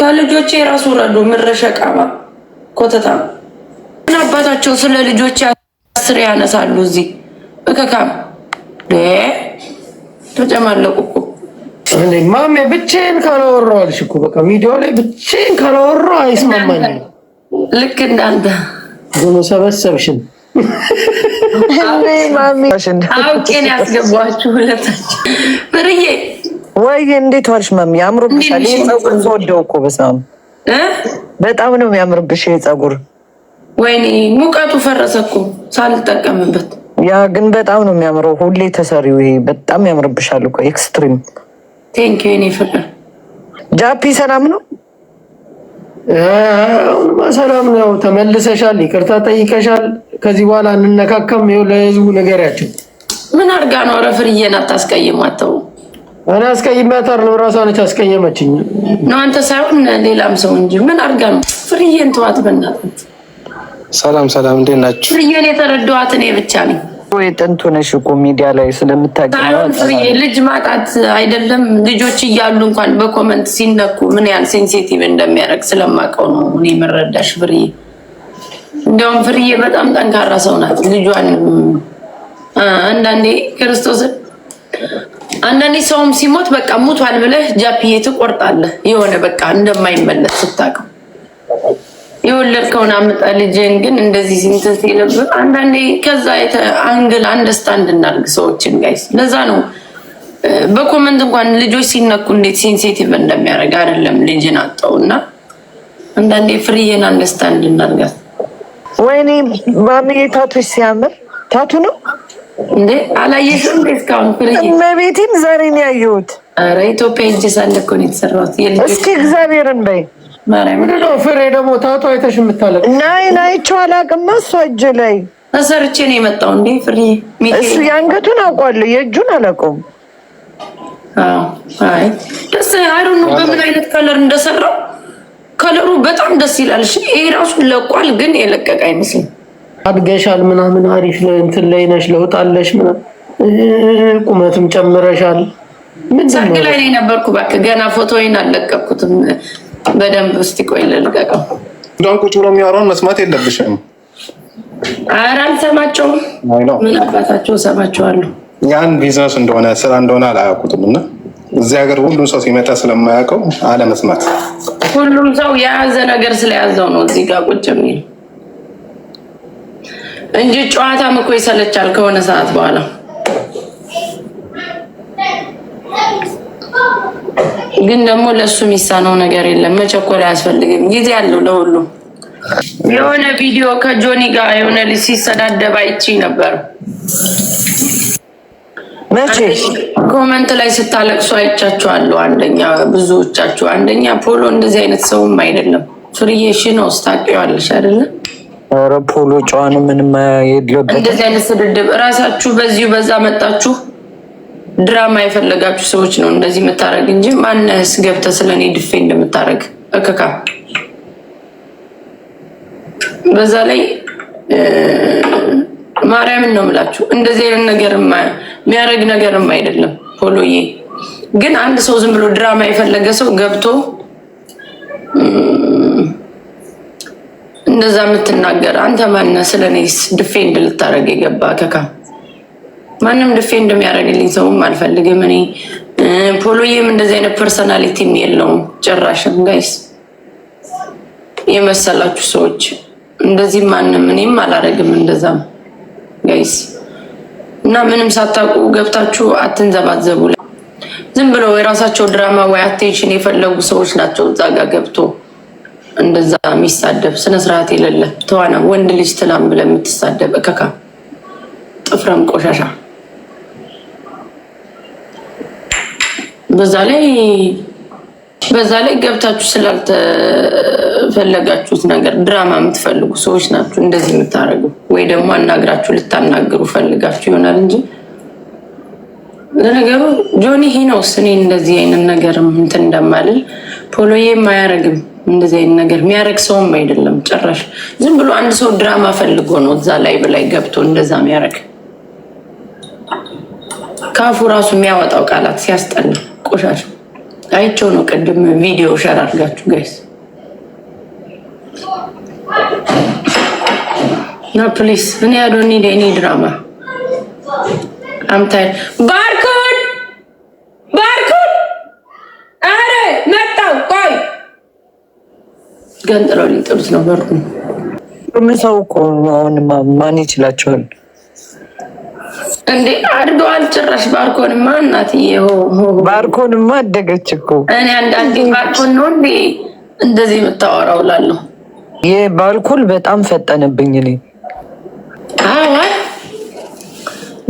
ከልጆቼ የራሱ ረዶ ምረሸቃማ ኮተታ አባታቸው ስለ ልጆች አስር ያነሳሉ። እዚህ እከካም ተጨማለቁ እኮ ማሜ ብቼን ካላወራሁ አልሽ እኮ በቃ ሚዲያው ላይ ብቼን ካላወራሁ አይስማማኝም። ልክ እንዳንተ ሆኖ ሰበሰብሽን አውቄን ያስገባችሁ ሁለታችሁ ብርዬ ወይ እንዴት ዋልሽ ማሚ? ያምሩብሻል። ይሄ ፀጉር ተወደው እኮ በሳም በጣም ነው የሚያምርብሽ ይሄ ፀጉር። ወይኔ ሙቀቱ ፈረሰ እኮ ሳልጠቀምበት። ያ ግን በጣም ነው የሚያምረው። ሁሌ ተሰሪው ይሄ በጣም ያምርብሻል እኮ ኤክስትሪም። ቴንክ ዩ። ፍቅር ጃፒ ሰላም ነው? ሰላም ነው። ተመልሰሻል፣ ይቅርታ ጠይቀሻል። ከዚህ በኋላ እንነካከም። ይኸው ለህዝቡ ያቸው ምን አርጋ ነው ረፍርዬን አታስቀይማተው እኔ አስቀይሜያታለሁ ነው። ራሷ ነች አስቀየመችኝ። ነው አንተ ሳይሆን ሌላም ሰው እንጂ ምን አድርጋ ነው? ፍርዬን ተዋት በእናትህ። ሰላም ሰላም፣ እንዴት ናችሁ? ፍርዬን የተረዳኋት እኔ ብቻ ነኝ። ወይ ጥንቱ ነሽ እኮ ሚዲያ ላይ ስለምታውቂው ልጅ ማጣት አይደለም ልጆች እያሉ እንኳን በኮመንት ሲነኩ ምን ያህል ሴንሲቲቭ እንደሚያደርግ ስለማውቀው ነው እኔ የምረዳሽ ፍርዬ። እንዲያውም ፍርዬ በጣም ጠንካራ ሰው ናት። ልጇን አንዳንዴ ክርስቶስን አንዳንዴ ሰውም ሲሞት በቃ ሙቷል ብለህ ጃፒዬ ትቆርጣለህ። የሆነ በቃ እንደማይመለስ ስታውቀው የወለድከውን አምጣ ልጅን ግን እንደዚህ እንትን ሲልብህ አንዳንዴ ከዛ አንግል አንደርስታንድ እናድርግ ሰዎችን ጋይስ። ለዛ ነው በኮመንት እንኳን ልጆች ሲነኩ እንዴት ሴንሴቲቭ እንደሚያደርግ አይደለም ልጅን አጣው እና አንዳንዴ ፍሪዬን አንደርስታንድ እናድርጋት። ወይኔ ማሚ ታቱ ሲያምር ታቱ ነው እንዴ አላየሽም? እንዴ እስካሁን እመቤቴን ዛሬ ነው ያየሁት። ኢትዮጵያ እጅ ሳለ እኮ ነው የተሰራሁት። እስኪ እግዚአብሔርን በይ ምንድነው? ፍሬ ደግሞ ታቶ አይተሽ የምታለቅ አላቅማ። እሷ እጅ ላይ ተሰርቼ ነው የመጣው። እንዴ ፍሬ እሱ የአንገቱን አውቋለሁ፣ የእጁን አላውቀውም። አይ ደስ አይሩ ነው። በምን አይነት ከለር እንደሰራው ከለሩ በጣም ደስ ይላል። ይሄ ራሱ ለቋል፣ ግን የለቀቀ አይመስልም አድገሻል ምናምን አሪፍ እንትን ላይ ነሽ ለውጥ አለሽ ቁመትም ጨምረሻል። ሰርግ ላይ ነው የነበርኩ። በቃ ገና ፎቶዬን አልለቀኩትም በደንብ እስቲ ቆይ ልልቀቀው። እንደውም ቁጭ ብሎ የሚያወራውን መስማት የለብሽም። ኧረ አልሰማቸውም። ምን አባታቸው እሰማቸዋለሁ። ያን ቢዝነስ እንደሆነ ስራ እንደሆነ አላያውቁትም እና እዚህ ሀገር ሁሉም ሰው ሲመጣ ስለማያውቀው አለመስማት፣ ሁሉም ሰው የያዘ ነገር ስለያዘው ነው እዚህ ጋር ቁጭ የሚል እንጂ ጨዋታም እኮ ይሰለቻል ከሆነ ሰዓት በኋላ። ግን ደግሞ ለእሱ የሚሳነው ነገር የለም። መቸኮል አያስፈልግም። ጊዜ አለው ለሁሉም። የሆነ ቪዲዮ ከጆኒ ጋር የሆነ ልጅ ሲሰዳደብ አይቼ ነበር። ኮመንት ላይ ስታለቅሱ አይቻችኋለሁ። አንደኛ ብዙዎቻችሁ አንደኛ ፖሎ እንደዚህ አይነት ሰውም አይደለም። ፍርዬሽ ነው ስታውቂዋለሽ አይደለም ኧረ ፖሎ ጨዋን ምንም የለበት እንደዚህ አይነት ስድድብ። እራሳችሁ በዚሁ በዛ መጣችሁ ድራማ የፈለጋችሁ ሰዎች ነው እንደዚህ የምታደርግ እንጂ ማነስ ገብተህ ስለኔ ድፌ እንደምታደርግ እከካ በዛ ላይ ማርያምን ነው የምላችሁ። እንደዚህ አይነት ነገር የሚያደርግ ነገርም አይደለም። ፖሎዬ ግን አንድ ሰው ዝም ብሎ ድራማ የፈለገ ሰው ገብቶ እንደዛ የምትናገር አንተ ማነ? ስለ ድፌንድ ልታደረግ የገባ ከካ ማንም ድፌንድ የሚያደርግልኝ ሰውም አልፈልግም። እኔ ፖሎዬም እንደዚህ አይነት ፐርሰናሊቲም የለውም ጭራሽም። ጋይስ የመሰላችሁ ሰዎች እንደዚህ ማንም እኔም አላደረግም እንደዛም ጋይስ። እና ምንም ሳታውቁ ገብታችሁ አትንዘባዘቡ። ዝም ብለው የራሳቸው ድራማ ወይ አቴንሽን የፈለጉ ሰዎች ናቸው እዛ ገብቶ እንደዛ የሚሳደብ ስነስርዓት የሌለ ተዋና ወንድ ልጅ ትላም ብለ የምትሳደብ እከካ ጥፍረም ቆሻሻ። በዛ ላይ በዛ ላይ ገብታችሁ ስላልተፈለጋችሁት ነገር ድራማ የምትፈልጉ ሰዎች ናችሁ እንደዚህ የምታደርጉ ወይ ደግሞ አናግራችሁ ልታናግሩ ፈልጋችሁ ይሆናል እንጂ ለነገሩ ጆኒ ሂኖስ እኔ እንደዚህ አይነት ነገርም እንትን እንደማልል ፖሎዬም አያደርግም። እንደዚህ አይነት ነገር የሚያደርግ ሰውም አይደለም ጭራሽ። ዝም ብሎ አንድ ሰው ድራማ ፈልጎ ነው እዛ ላይ ብላይ ገብቶ እንደዛ የሚያደርግ ካፉ ራሱ የሚያወጣው ቃላት ሲያስጠላ ቆሻሻ አይቸው ነው። ቅድም ቪዲዮ ሸር አድርጋችሁ ጋይስ ና ፕሊስ። እኔ አዶኒ ደኒ ድራማ አምታይ ገንጥለው ሊጥሉት ነው። በርዱ ሁሉ እኮ አሁን ማን ይችላቸዋል እንዴ? አድገዋል። ጭራሽ ባርኮንማ እናትዬ ባርኮንማ አደገች እኮ። እኔ አንዳንዴ ባርኮን ነው እንዴ እንደዚህ የምታወራው ላለሁ ይህ ባልኮል በጣም ፈጠነብኝ እኔ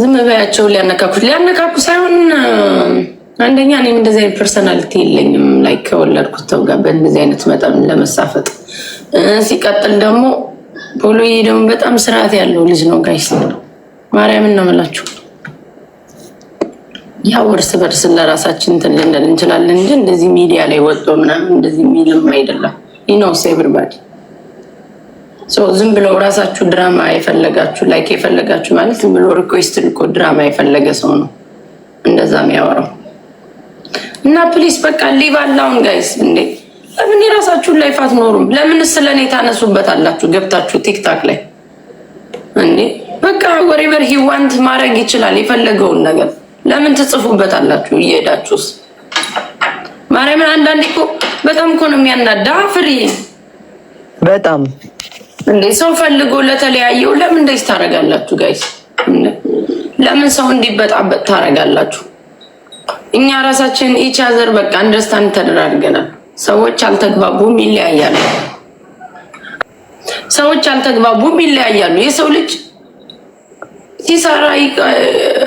ዝም በያቸው ሊያነካኩት ሊያነካኩ ሳይሆን አንደኛ እኔም እንደዚህ አይነት ፐርሰናሊቲ የለኝም። ላይ ከወለድኩት ሰው ጋር በእንደዚህ አይነት መጠን ለመሳፈጥ ሲቀጥል ደግሞ ፖሎዬ ደግሞ በጣም ስርዓት ያለው ልጅ ነው። ጋይስ ማርያምን ነው የምላችሁ። ያው እርስ በርስ ለራሳችን እንትን ልንል እንችላለን እንጂ እንደዚህ ሚዲያ ላይ ወጦ ምናምን እንደዚህ የሚልም አይደለም። ይነውስ ኤብሪባዲ ዝም ብለው ራሳችሁ ድራማ የፈለጋችሁ ላይክ የፈለጋችሁ ማለት ዝም ብሎ ሪኩዌስት ልኮ ድራማ የፈለገ ሰው ነው እንደዛ የሚያወራው። እና ፕሊስ በቃ ሊቭ አላውን ጋይስ እንዴ ለምን የራሳችሁን ላይፍ አትኖሩም? ለምን ስለኔ ታነሱበት አላችሁ ገብታችሁ ቲክታክ ላይ እንዴ? በቃ ወሬቨር ሂዋንት ማድረግ ይችላል የፈለገውን ነገር ለምን ትጽፉበት አላችሁ እየሄዳችሁስ? ማርያምን አንዳንዴ እኮ በጣም እኮ ነው የሚያናዳ ፍሪ በጣም እንዴ ሰው ፈልጎ ለተለያየው ለምን እንደዚህ ታደርጋላችሁ ጋይስ? ለምን ሰው እንዲበጣበጥ ታደርጋላችሁ? እኛ ራሳችን ኢች አዘር በቃ አንደርስታንድ ተደራርገናል። ሰዎች አልተግባቡም ይለያያሉ። ሰዎች አልተግባቡም ይለያያሉ። የሰው ልጅ ሲሰራ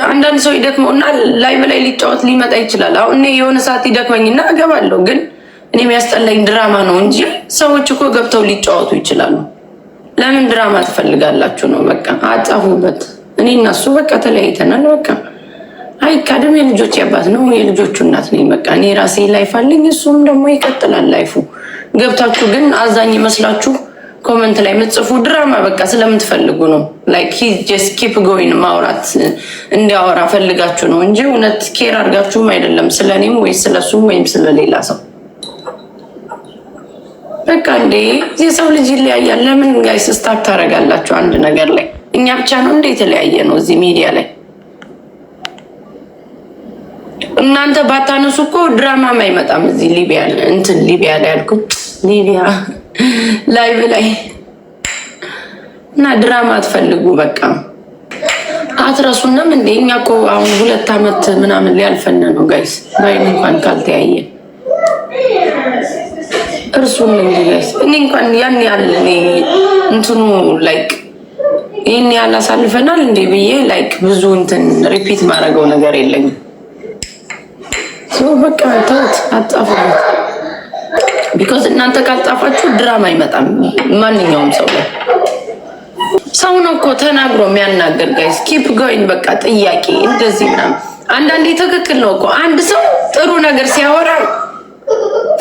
አንዳንድ ሰው ይደክመውና ላይ በላይ ሊጫወት ሊመጣ ይችላል። አሁን እኔ የሆነ ሰዓት ይደክመኝና እገባለሁ፣ ግን እኔ የሚያስጠላኝ ድራማ ነው እንጂ ሰዎች እኮ ገብተው ሊጫወቱ ይችላሉ። ለምን ድራማ ትፈልጋላችሁ ነው። በቃ አጻፉበት። እኔ እና እሱ በቃ ተለያይተናል በቃ አይካደም። የልጆች አባት ነው፣ የልጆቹ እናት ነኝ። በቃ እኔ ራሴ ላይፍ አለኝ፣ እሱም ደግሞ ይቀጥላል ላይፉ። ገብታችሁ ግን አዛኝ ይመስላችሁ ኮመንት ላይ የምትጽፉ ድራማ በቃ ስለምትፈልጉ ነው። ላይክ ጀስት ኪፕ ጎይን ማውራት እንዲያወራ ፈልጋችሁ ነው እንጂ እውነት ኬር አድርጋችሁም አይደለም፣ ስለ እኔም ወይ ስለሱም ወይም ስለሌላ ሰው። በቃ እንዴ የሰው ልጅ ይለያያል። ለምን ጋይስ ስታክ ታደርጋላችሁ አንድ ነገር ላይ? እኛ ብቻ ነው እንዴ የተለያየ ነው እዚህ ሚዲያ ላይ እናንተ ባታነሱ እኮ ድራማም አይመጣም። እዚህ ሊቢያ እንትን ሊቢያ ላይ ያልኩት ሊቢያ ላይቭ ላይ እና ድራማ አትፈልጉ። በቃ አትረሱንም እንዴ? እኛ እኮ አሁን ሁለት ዓመት ምናምን ሊያልፈን ነው ጋይስ። ባይን እንኳን ካልተያየ እርሱን እንጂ ጋይስ፣ እኔ እንኳን ያን ያህል እንትኑ ላይክ ይህን ያህል አሳልፈናል እንዴ ብዬ ላይክ ብዙ እንትን ሪፒት ማድረገው ነገር የለኝም። በቃ ተውት፣ አትጻፉበት። ቢኮዝ እናንተ ካልጻፋችሁ ድራማ አይመጣም። ማንኛውም ሰው ላይ ሰው ነው እኮ ተናግሮ የሚያናገር። ጋይስ ኪፕ ጎይን በቃ ጥያቄ እንደዚህ ምናምን አንዳንዴ ትክክል ነው እኮ አንድ ሰው ጥሩ ነገር ሲያወራ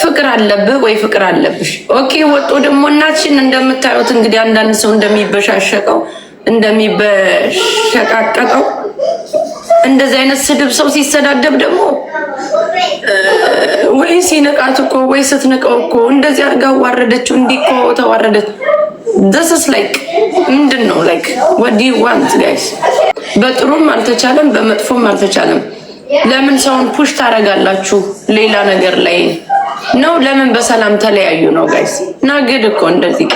ፍቅር አለብህ ወይ ፍቅር አለብሽ። ኦኬ ወጦ ደግሞ እናችን እንደምታዩት እንግዲህ አንዳንድ ሰው እንደሚበሻሸቀው እንደሚበሸቃቀቀው እንደዚህ አይነት ስድብ ሰው ሲሰዳደብ ደግሞ ወይ ሲነቃት እኮ ወይ ስትነቀው እኮ እንደዚህ አድርጋ ዋረደችው። እንዲህ እኮ ተዋረደች። ደስስ ላይክ ምንድን ነው ላይክ ወዲ ዋንት ጋይስ። በጥሩም አልተቻለም፣ በመጥፎም አልተቻለም። ለምን ሰውን ፑሽ ታደርጋላችሁ ሌላ ነገር ላይ ነው? ለምን በሰላም ተለያዩ ነው ጋይስ? እና ግድ እኮ እንደዚህ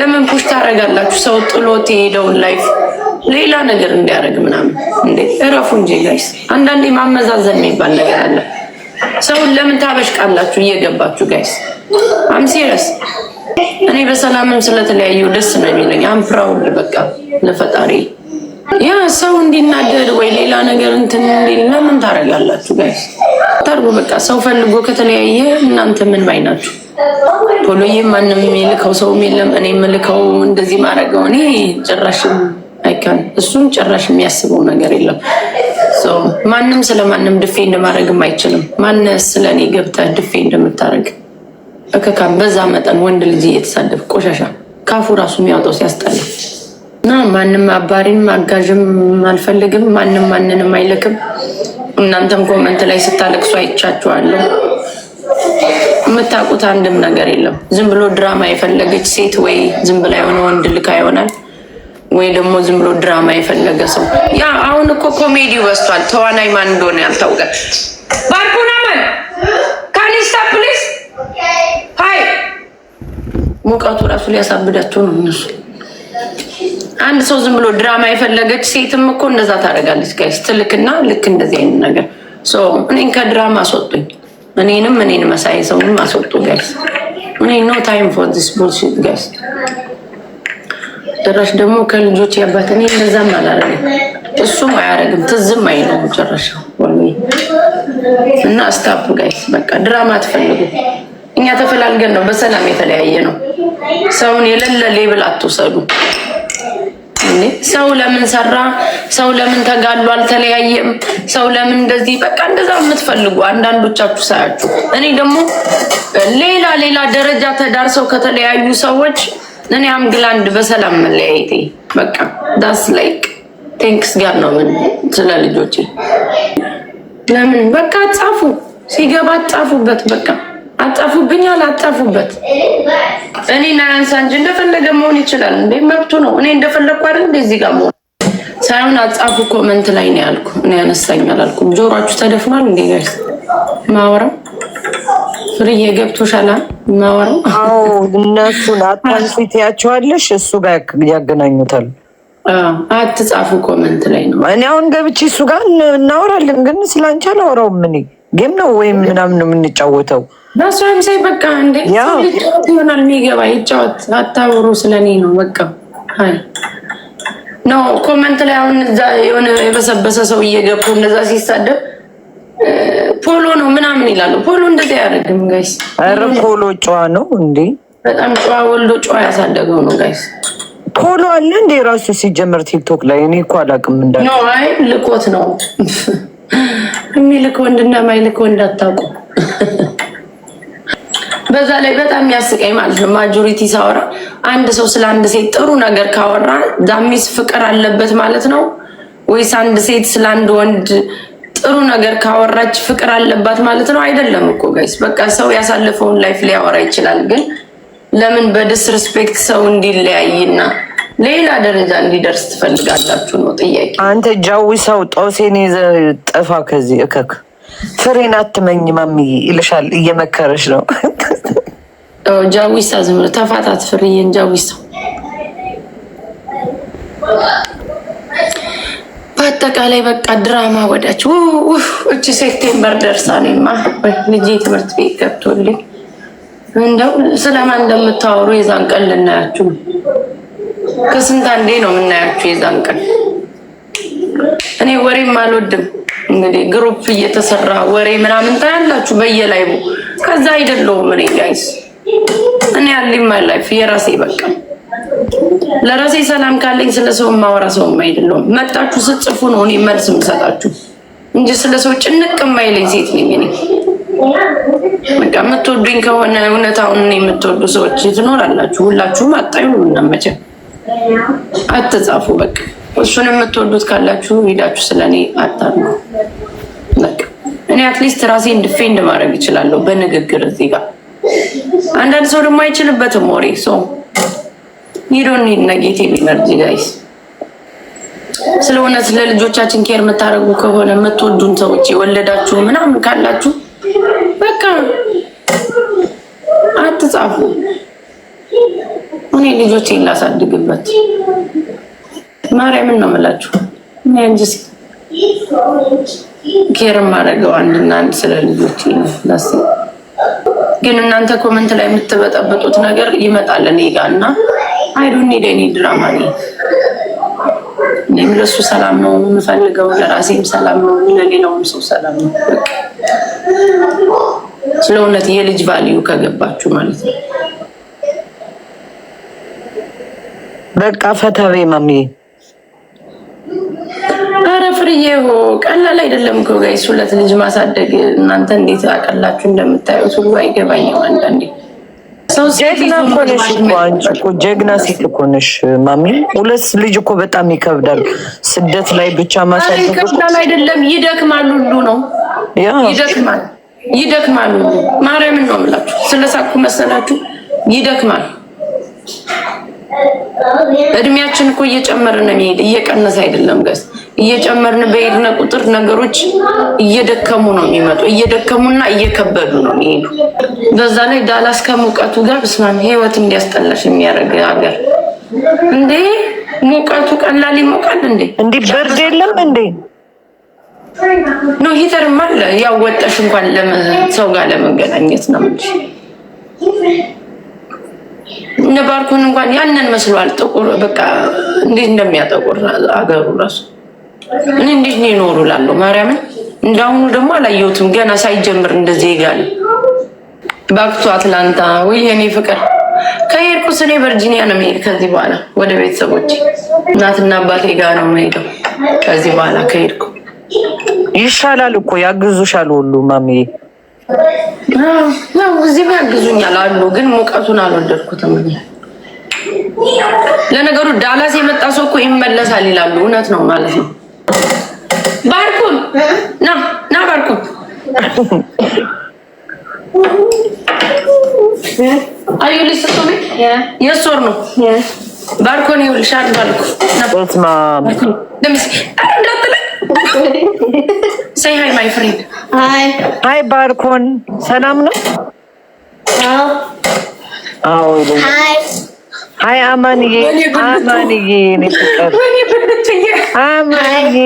ለምን ፑሽ ታደርጋላችሁ ሰው ጥሎት የሄደውን ላይፍ ሌላ ነገር እንዲያደርግ ምናምን እንዴ! እረፉ እንጂ ጋይስ። አንዳንዴ ማመዛዘን የሚባል ነገር አለ። ሰውን ለምን ታበሽቃላችሁ እየገባችሁ ጋይስ? አም ሲሪየስ። እኔ በሰላምም ስለተለያዩ ደስ ነው የሚለኝ። አም ፕራውድ በቃ ለፈጣሪ ያ ሰው እንዲናደድ ወይ ሌላ ነገር እንትን እንዲል ለምን ታደርጋላችሁ ጋይስ? ታርጉ በቃ ሰው ፈልጎ ከተለያየ እናንተ ምን ባይ ናችሁ? ቶሎዬ ማንም የሚልከው ሰውም የለም። እኔ የምልከው እንደዚህ ማድረገው እኔ ጭራሽ ይለካል። እሱን ጭራሽ የሚያስበው ነገር የለም። ማንም ስለ ማንም ድፌ እንደማድረግም አይችልም። ማን ስለ እኔ ገብተህ ድፌ እንደምታደርግ እከካም በዛ መጠን ወንድ ልጅ እየተሳደብ ቆሻሻ ካፉ ራሱ የሚያወጣው ሲያስጠላ እና ማንም አባሪም አጋዥም አልፈልግም። ማንም ማንንም አይልክም። እናንተም ኮመንት ላይ ስታለቅሱ አይቻችኋለሁ። የምታውቁት አንድም ነገር የለም። ዝም ብሎ ድራማ የፈለገች ሴት ወይ ዝም ብላ የሆነ ወንድ ልካ ይሆናል። ወይ ደግሞ ዝም ብሎ ድራማ የፈለገ ሰው ያ አሁን እኮ ኮሜዲ በዝቷል። ተዋናይ ማን እንደሆነ ያልታወቀ ባርኩና ማን ካኒስታ ፕሊስ ሀይ ሙቀቱ ራሱ ሊያሳብዳቸው ነው እነሱ። አንድ ሰው ዝም ብሎ ድራማ የፈለገች ሴትም እኮ እንደዛ ታደርጋለች። ጋይስ ትልክና ልክ እንደዚህ አይነት ነገር እኔን ከድራማ አስወጡኝ። እኔንም እኔን መሳይ ሰውንም አስወጡ ጋይስ። እኔ ኖ ታይም ፎር ዲስ ቡልሽት ጋይስ ጭራሽ ደግሞ ከልጆች ያባት እኔ እንደዛም አላረግም፣ እሱም አያረግም፣ ትዝም አይለውም ጭራሽ እና ስታፕ ጋይስ፣ በቃ ድራማ አትፈልጉ። እኛ ተፈላልገን ነው በሰላም የተለያየ ነው። ሰውን የሌለ ሌብል አትውሰዱ። ሰው ለምን ሰራ፣ ሰው ለምን ተጋሉ፣ አልተለያየም፣ ሰው ለምን እንደዚህ በቃ እንደዛ የምትፈልጉ አንዳንዶቻችሁ ሳያችሁ፣ እኔ ደግሞ ሌላ ሌላ ደረጃ ተዳርሰው ከተለያዩ ሰዎች እኔ አምግላንድ በሰላም መለያየቴ በቃ ዳስ ላይክ ቴንክስ ጋር ነው። ምን ስለ ልጆቼ ለምን በቃ አጻፉ ሲገባ አጻፉበት። በቃ አጻፉብኛል፣ አጻፉበት። እኔን አያንሳ እንጂ እንደፈለገ መሆን ይችላል እንዴ፣ መብቱ ነው። እኔ እንደፈለግኩ አይደል እንደ እዚህ ጋር መሆን ሳይሆን አጻፉ ኮመንት ላይ ነው ያልኩ። እኔ ያነሳኛል አልኩ። ጆሯችሁ ተደፍኗል እንዴ ጋይስ ማወራው ሱርዬ ገብቶሻል የማወራው? አዎ እነሱን አታንስት ያቸዋለሽ እሱ ጋር ያገናኙታል። አትጻፉ ኮመንት ላይ ነው። እኔ አሁን ገብቼ እሱ ጋር እናወራለን፣ ግን ስለአንቺ አላወራውም። ምን ጌም ነው ወይም ምናምን ነው የምንጫወተው። በሷም ሳይ በቃ እንደ ጫወት ይሆናል የሚገባ ይጫወት። አታውሩ ስለኔ ነው በቃ ነው ኮመንት ላይ አሁን የሆነ የበሰበሰ ሰው እየገቡ እንደዛ ሲሳደብ ፖሎ ነው ምናምን ይላሉ። ፖሎ እንደዚህ አያደርግም ጋይስ። ኧረ ፖሎ ጨዋ ነው እንዴ! በጣም ጨዋ ወልዶ ጨዋ ያሳደገው ነው ጋይስ። ፖሎ አለ እንዴ ራሱ ሲጀመር ቲክቶክ ላይ እኔ እኮ አላውቅም። እንዳ አይ ልኮት ነው የሚልክ ወንድና ማይልክ ወንድ አታውቁ። በዛ ላይ በጣም ያስቀኝ ማለት ነው ማጆሪቲ ሳወራ አንድ ሰው ስለ አንድ ሴት ጥሩ ነገር ካወራ ዳሚስ ፍቅር አለበት ማለት ነው ወይስ አንድ ሴት ስለ አንድ ወንድ ጥሩ ነገር ካወራች ፍቅር አለባት ማለት ነው። አይደለም እኮ ጋይስ፣ በቃ ሰው ያሳለፈውን ላይፍ ሊያወራ ይችላል። ግን ለምን በዲስሪስፔክት ሰው እንዲለያይና ሌላ ደረጃ እንዲደርስ ትፈልጋላችሁ ነው ጥያቄ። አንተ ጃዊ ሰው ጦሴን ይዘህ ጥፋ ከዚህ እከክ ፍሬን አትመኝ ማሚ ይልሻል። እየመከረች ነው ጃዊሳ። ዝም ተፋታት ፍሬዬን ጃዊሳ አጠቃላይ በቃ ድራማ ወዳች እች ሴፕቴምበር ደርሳ ልጅ ትምህርት ቤት ገብቶልኝ እንደው ስለማን እንደምታወሩ የዛን ቀን ልናያችሁ ከስንት አንዴ ነው የምናያችሁ። የዛን ቀን እኔ ወሬም አልወድም። እንግዲህ ግሩፕ እየተሰራ ወሬ ምናምን ታያላችሁ በየላይቡ። ከዛ አይደለሁም እኔ ጋይስ፣ እኔ ያለኝ ማይ ላይፍ የራሴ በቃ ለራሴ ሰላም ካለኝ ስለ ሰው ማወራ ሰው አይደለሁም። መጣችሁ ስጽፉ ነው እኔ መልስ የምሰጣችሁ እንጂ ስለ ሰው ጭንቅ የማይለኝ ሴት ነኝ እኔ። በቃ የምትወዱኝ ከሆነ እውነታውን እኔ የምትወዱ ሰዎች ትኖራላችሁ። ሁላችሁም አጣዩ እናመቸ አትጻፉ። በቃ እሱን የምትወዱት ካላችሁ ሄዳችሁ ስለ እኔ አታሉ። እኔ አትሊስት ራሴን ዲፌንድ ማድረግ እችላለሁ በንግግር እዚህ ጋር። አንዳንድ ሰው ደግሞ አይችልበትም ወሬ ሰው ዩዶን ነጌቲቭ ኢነርጂ ጋይስ። ስለሆነ ስለ ልጆቻችን ኬር የምታደርጉ ከሆነ የምትወዱን ሰዎች የወለዳችሁ ምናምን ካላችሁ በቃ አትጻፉ። እኔ ልጆችን ላሳድግበት ማርያምን ነው የምላችሁ። እንጂስ ኬር የማደርገው አንድና አንድ ስለ ልጆች ላስ ግን እናንተ ኮመንት ላይ የምትበጠበጡት ነገር ይመጣል እኔ ጋ እና አይዶን ኒድ ኒ ድራማ እኔም ለሱ ሰላም ነው የምፈልገው፣ ለራሴም ሰላም ነው፣ ለሌላውም ሰው ሰላም ነው። ስለ እውነት የልጅ ቫልዩ ከገባችሁ ማለት ነው። በቃ ፈተቤ ማሚ አረ ፍርዬው ቀላል አይደለም እኮ ጋይስ፣ ሁለት ልጅ ማሳደግ እናንተ እንዴት አቀላችሁ እንደምታዩት ሁሉ አይገባኝም አንዳንዴ ጀግና እኮ ነሽ እኮ አንቺ እኮ ጀግና ሴት እኮ ነሽ ማሚ። ሁለት ልጅ እኮ በጣም ይከብዳል። ስደት ላይ ብቻ ማሳደግ ይከብዳል አይደለም፣ ይደክማል። ሁሉ ነው ይደክማል፣ ይደክማል። ማርያምን ነው የምላችሁ። ስለሳኩ መሰላችሁ ይደክማል። እድሜያችን እኮ እየጨመረ ነው የሚሄድ፣ እየቀነሰ አይደለም ገስ እየጨመርን በሄድነ ቁጥር ነገሮች እየደከሙ ነው የሚመጡ። እየደከሙና እየከበዱ ነው የሚሄዱ። በዛ ላይ ዳላስ ከሙቀቱ ጋር ስማን ህይወት እንዲያስጠላሽ የሚያደርግ ሀገር እንዴ! ሙቀቱ ቀላል ይሞቃል እንዴ! እንዲህ ብርድ የለም እንዴ! ነው ሂተርም አለ ያው እንኳን ሰው ጋር ለመገናኘት ነው እንጂ ነባርኩን እንኳን ያንን መስሏል። ጥቁር በቃ እንዴት እንደሚያጠቁር አገሩ ራሱ እኔ እንዴት ነው ይኖሩ ላለሁ ማርያምን እንዳሁኑ ደግሞ አላየሁትም። ገና ሳይጀምር እንደዚህ ይጋል ባክቱ አትላንታ። ወይ የኔ ፍቅር ከሄድኩስ እኔ ቨርጂኒያ ነው የምሄድ ከዚህ በኋላ ወደ ቤተሰቦች እናትና አባቴ ጋር ነው የምሄደው ከዚህ በኋላ ከሄድኩ። ይሻላል እኮ ያግዙሻል፣ ሁሉ ማሚ እዚህም ያግዙኛል አሉ። ግን ሙቀቱን አልወደድኩትም። ለነገሩ ዳላስ የመጣ ሰው እኮ ይመለሳል ይላሉ። እውነት ነው ማለት ነው። ባርኩን ና ና ባርኩን አዩ ነው። ባርኮን ይኸውልሽ ባርኩ ሰይ ሀይ ማይ ፍሬንድ ሀይ ባርኮን ሰላም ነው። አዎ አይ አማንዬ አማንዬ አማንዬ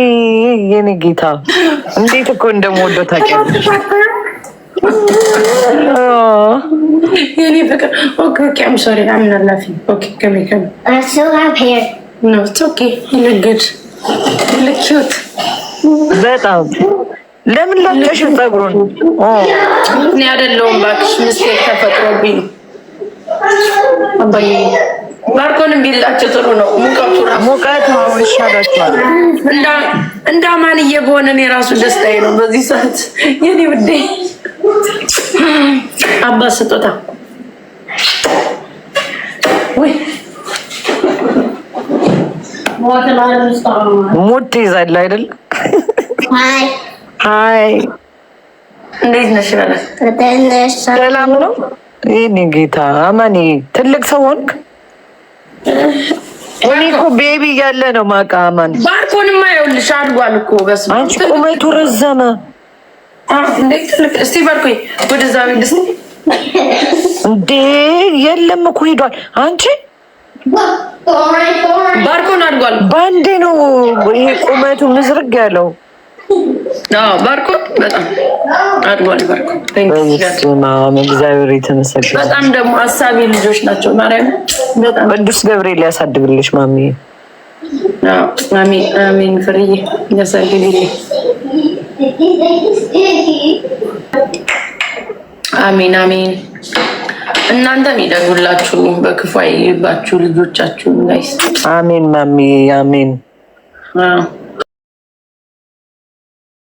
የኔ ጌታ እንዴት እኮ እንደምወደው ታውቂያለሽ። በጣም ለምን ላጨሽ ጸጉሩን? እኔ አይደለሁም እባክሽ፣ ምስቴክ ተፈጥሮብኝ ነው። ባርኮን ቢላቸው ጥሩ ነው። ሙቀቱ ሙቀት ይሻላቸዋል። እንደ አማንዬ በሆነ እኔ ራሱ ደስታዬ ነው በዚህ ሰዓት የኔ ውዴ አባት ስጦታ ሙጥ ይዛል አይደል? አይ እንዴት ነሽ? ሰላም ነው። ይህኔ ጌታ አማኔ ትልቅ ሰው ሆንክ እኔ እኮ ቤቢ ያለ ነው ማቃማን ባርኮንማ ይኸውልሽ አድጓል እኮ በስመ አብ ቁመቱ ረዘመ። እስቲ ባርኮኝ ወደዛ እንዴ የለም እኮ ሄዷል። አንቺ ባርኮን አድጓል። በአንዴ ነው ይሄ ቁመቱ ምዝርግ ያለው። ባርኮት በጣም አድጓል። ባርኮት እግዚአብሔር የተመሰገነ በጣም ደግሞ አሳቢ ልጆች ናቸው። ማርያም በጣም ቅዱስ ገብርኤል ያሳድግልሽ ማሚ ማሚ አሜን። ፍርዬ ያሳድግልኝ። አሜን አሜን። እናንተም ይደጉላችሁ፣ በክፉ አይባችሁ ልጆቻችሁ። አሜን ማሚ አሜን።